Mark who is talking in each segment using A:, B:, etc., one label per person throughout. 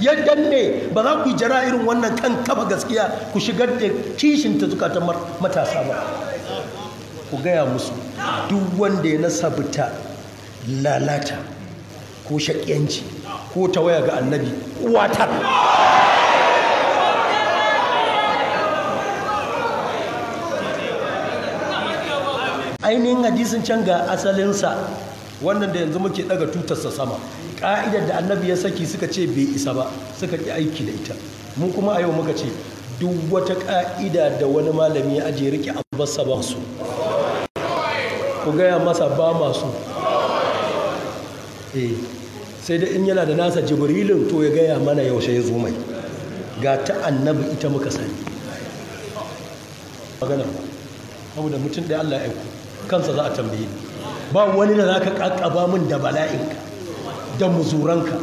A: ya danne ba za ku yi jara irin wannan kan kafa gaskiya ku shigar da kishin ta zukatan matasa ba ku gaya musu duk wanda ya nasabta lalata ko shakiyanci ko tawaya ga annabi watar ainihin hadisin can ga asalinsa wannan da yanzu muke daga tutarsa sama ka'idar da annabi ya saki suka ce bai isa ba suka ƙi aiki da ita mu kuma a yau muka ce duk wata ka'ida da wani malami ya ajiye a basa ba su ku gaya masa ba masu eh, sai da in yana da nasa jibrilin to ya gaya mana yaushe ya zo mai ga ta annabi ita muka sani magana ba abu da mutum ɗaya Allah ya aiko kansa za a tambaye ba wani da za ka ƙaƙaba min da bala'inka da muzuranka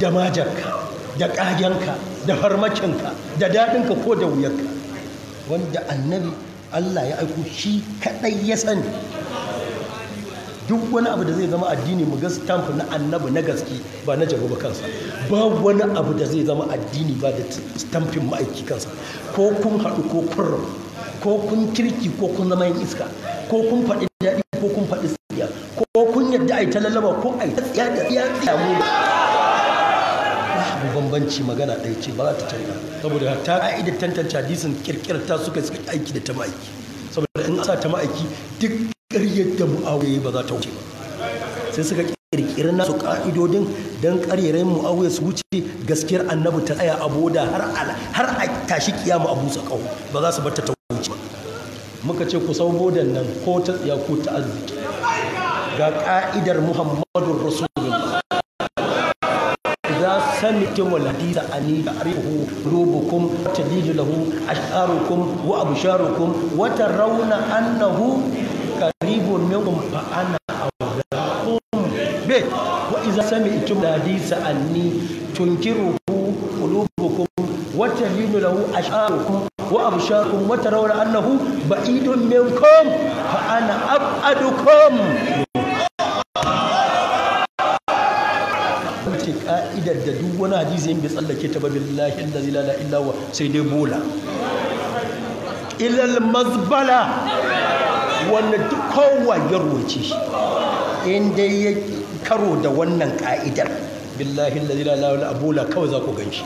A: da majarka da ƙagenka da farmakinka da daɗinka ko da wuyarka wanda annabi Allah ya aiko shi kaɗai ya sani duk wani abu da zai zama addini mu ga stamp na annabi na gaske ba na jago ba kansa ba wani abu da zai zama addini ba da tamfin ma'aiki kansa ko kun haɗu ko kun ko kun kirki ko kun zama yin iska ko kun faɗi daɗi ko kun faɗi a yi ta lallaba ko a yi ta tsiya da tsiya tsiya mu babu bambanci magana ɗaya ce ba za ta canza saboda ta ka'idar tantance hadisin kirkirar ta suka suka aiki da ta ma'aiki saboda in sa ta ma'aiki duk ƙaryar da mu'awiya ba za ta wuce ba sai suka kirkirar nasu ka'idodin don ƙaryarai mu'awiya su wuce gaskiyar annabi ta tsaya a boda har a tashi kiyama a busa ƙau ba za su bar ta ta wuce ba muka ce ku sau bodan nan ko ta tsiya ko ta arziki ga ka'idar muhammadun rasulun. za samitum wal hadisa ani ta'rifuhu qulubukum tadidu lahu ash'arukum wa absharukum wata tarawna annahu qaribun minkum fa ana awlaakum be wa idza sami'tum hadisa anni tunkiruhu qulubukum wa tadidu lahu ash'arukum وأبشاركم وترون ba'idun بعيد fa ana أبعدكم ka'idar da duk wani hadisi yin bai tsallake ta ba lahi da la illa huwa sai dai bola ilal mazbala wanda duk kowa ya roce inda ya karo da wannan ka'idar billahi allazi la ilaha bola kawai za ku ganshi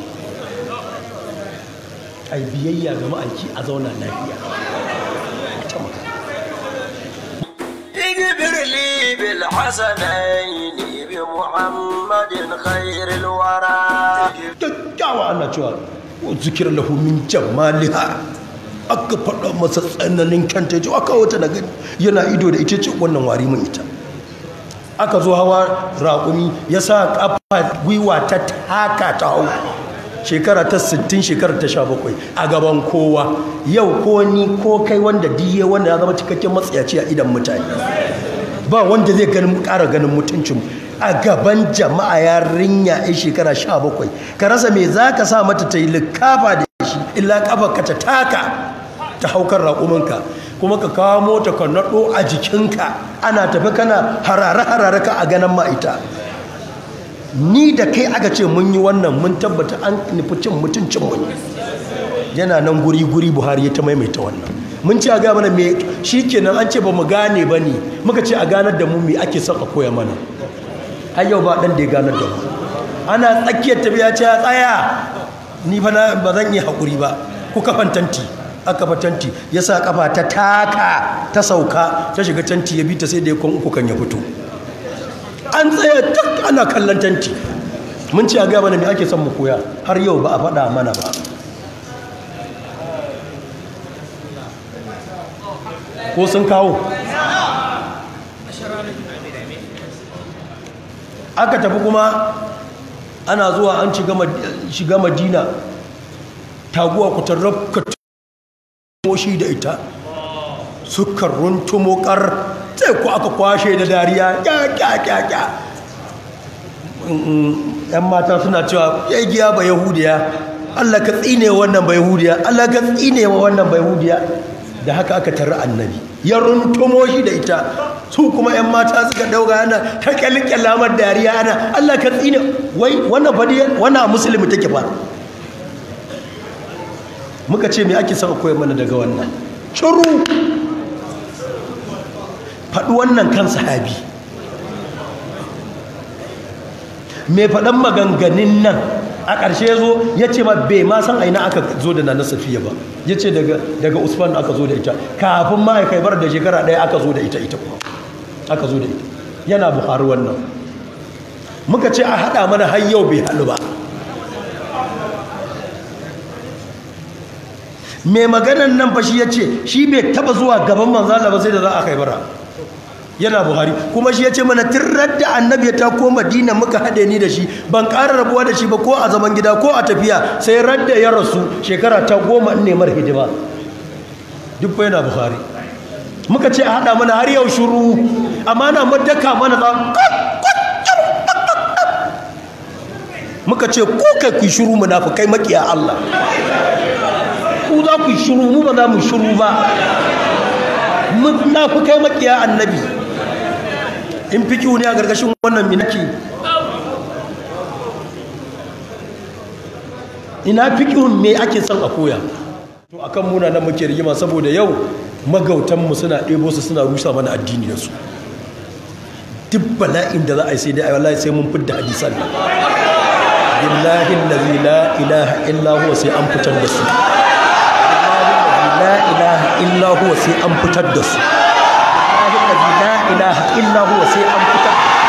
A: ai biyayya ga ma'aiki a zauna lafiya ta بالحسنين بمحمد خير الورى دكاوا انا cewa zikir lahu min aka faɗa masa tsananin kanta, ji aka wata na yana ido da ita ce wannan wari mun ita aka zo hawa raƙumi ya sa ƙafa gwiwa ta taka ta hau shekara ta 60 shekara ta 17 a gaban kowa yau ko ni ko kai wanda diye wanda ya zama cikakken matsayaci a idan mutane ba wanda zai ganin ƙara ganin mutuncin a gaban jama'a yarinya a shekara sha bakwai ka rasa me za ka sa mata ta yi likafa da shi illa ƙafa ka ta taka ta haukar raƙuminka kuma ka kawo mota ka naɗo a jikinka ana tafi kana harare-harare ka a ganin ma'ita ni da kai aka ce mun yi wannan mun tabbata an nufi cin mutuncin mun yana nan guri-guri buhari ya ta maimaita wannan mun ce a gaya mana me shikenan an ce ba mu gane ba ne muka ce a ganar da mu me ake son a koya mana har yau ba dan da ya ganar da mu ana tsakiyar tafiya ce tsaya ni fa ba zan yi hakuri ba ku kafan tanti aka fa tanti ya sa kafa ta taka ta sauka ta shiga tanti ya bi ta sai da ya kwan uku kan ya fito an tsaya tak ana kallon tanti mun ce a gaya mana me ake son mu koya har yau ba a faɗa mana ba
B: ko sun kawo
A: aka tafi kuma ana zuwa an shiga madina taguwa kutar moshi da ita suka runtumo kar sai ku aka kwashe da dariya kya yan mata suna cewa ya giya ba yahudiya allah ka tsine wannan ba yahudiya allah ka tsine wa wannan ba yahudiya da haka aka tarra annabi ya runtumo shi da ita su kuma yan mata suka dauga ana ta kalkin lamar dariya ana Allah ka tsina wai wannan fadi wannan musulmi take ba muka ce me ake son koyar mana daga wannan curu. faɗi wannan kan sahabi mai faɗan maganganun nan a ƙarshe ya zo ya ce ma bai ma san aina aka zo da nana safiya ba ya ce daga usman aka zo da ita kafin ma ya bar da shekara ɗaya aka zo da ita ita kuma aka zo da ita yana buhari wannan muka ce a haɗa mana har yau bai haɗu ba mai maganan nan fashi ya ce shi bai taba zuwa gaban manzala ba sai da za a kai bara yana buhari kuma shi ya ce mana tirar da annabi ta ko madina muka haɗe ni da shi ban ƙara rabuwa da shi ba ko a zaman gida ko a tafiya sai radda ya rasu shekara ta goma in nemar hidima duk bai na buhari muka ce a haɗa mana har yau shuru amma na maddaka mana ta muka ce ko kai ku shuru mu kai makiya Allah ku za ku shuru mu ba za mu shuru ba kai makiya annabi in fiƙihu ne a gargashin wannan minaki ina fiƙihun me ake son a koya to akan muna nan muke rigima saboda yau magautanmu suna ɗebo su suna rusa mana addini da su duk bala'in da za a yi sai dai wallahi sai mun fidda hadisan nan billahi allazi la ilaha illa huwa sai an fitar da su billahi la ilaha illa huwa sai an fitar da su ilaha illa huwa sai an fitar